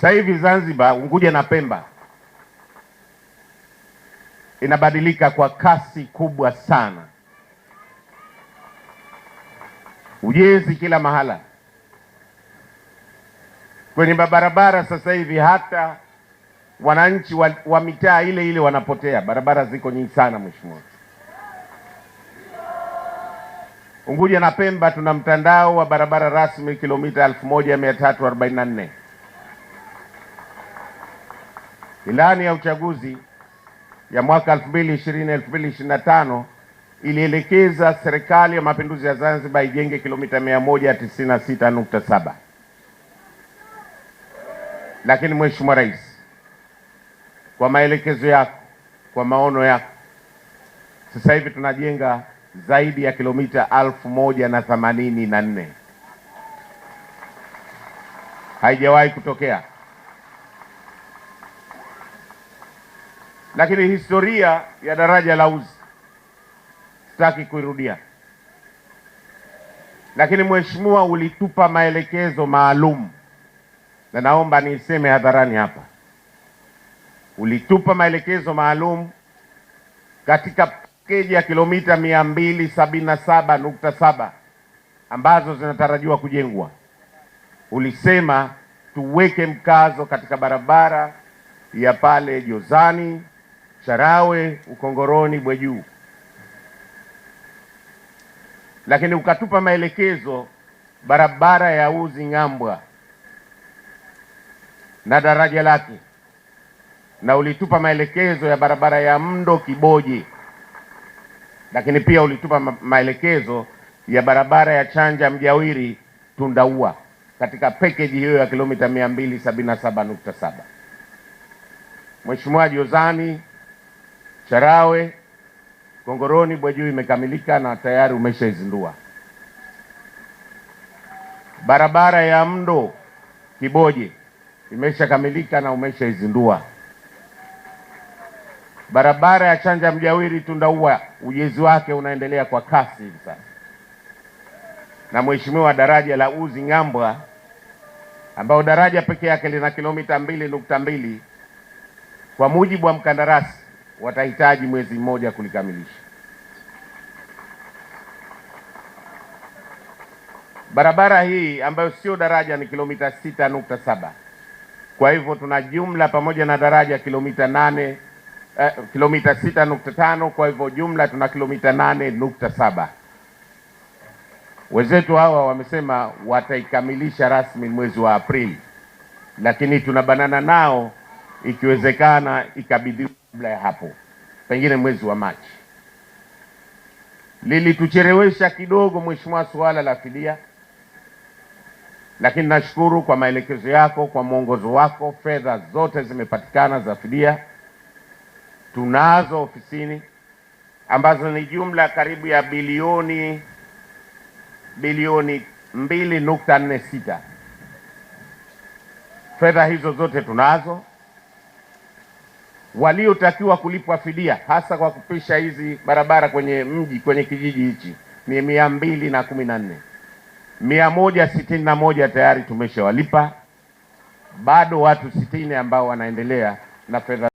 Sasa hivi Zanzibar, Unguja na Pemba inabadilika kwa kasi kubwa sana. Ujenzi kila mahala kwenye barabara Sasa hivi hata wananchi wa, wa mitaa ile ile wanapotea, barabara ziko nyingi sana. Mheshimiwa, Unguja na Pemba tuna mtandao wa barabara rasmi kilomita 1344 Ilani ya uchaguzi ya mwaka 2020 2025 ilielekeza serikali ya mapinduzi ya Zanzibar ijenge kilomita 196.7, lakini Mheshimiwa Rais, kwa maelekezo yako, kwa maono yako, sasa hivi tunajenga zaidi ya kilomita 1084 Haijawahi kutokea. Lakini historia ya daraja la Uzi sitaki kuirudia, lakini mheshimiwa, ulitupa maelekezo maalum, na naomba niiseme hadharani hapa. Ulitupa maelekezo maalum katika pakeji ya kilomita mia mbili sabini na saba nukta saba ambazo zinatarajiwa kujengwa. Ulisema tuweke mkazo katika barabara ya pale Jozani Sarawe, Ukongoroni, Bwejuu, lakini ukatupa maelekezo barabara ya Uzi Ng'ambwa na daraja lake, na ulitupa maelekezo ya barabara ya Mndo Kiboje, lakini pia ulitupa maelekezo ya barabara ya Chanja Mjawiri Tundaua katika package hiyo ya kilomita 277.7. Mheshimiwa Jozani Charawe, Kongoroni, Bwejuu imekamilika na tayari umeshaizindua. Barabara ya Mdo Kiboje imeshakamilika na umeshaizindua. Barabara ya Chanja Mjawiri tundaua ujenzi wake unaendelea kwa kasi hivi sasa, na mheshimiwa, daraja la Uzi Ng'ambwa ambayo daraja pekee yake lina kilomita mbili nukta mbili kwa mujibu wa mkandarasi watahitaji mwezi mmoja kulikamilisha. Barabara hii ambayo sio daraja ni kilomita sita nukta saba kwa hivyo tuna jumla pamoja na daraja kilomita nane eh, kilomita sita nukta tano kwa hivyo jumla tuna kilomita nane nukta saba Wenzetu hawa wamesema wataikamilisha rasmi mwezi wa Aprili, lakini tunabanana nao ikiwezekana ikabidhiwa kabla ya hapo, pengine mwezi wa Machi. Lilituchelewesha kidogo, Mheshimiwa, suala la fidia, lakini nashukuru kwa maelekezo yako, kwa mwongozo wako, fedha zote zimepatikana za fidia, tunazo ofisini ambazo ni jumla karibu ya bilioni bilioni sita. Fedha hizo zote tunazo waliotakiwa kulipwa fidia hasa kwa kupisha hizi barabara kwenye mji kwenye kijiji hichi ni mia mbili na kumi na nne mia moja sitini na moja tayari tumeshawalipa, bado watu sitini ambao wanaendelea na fedha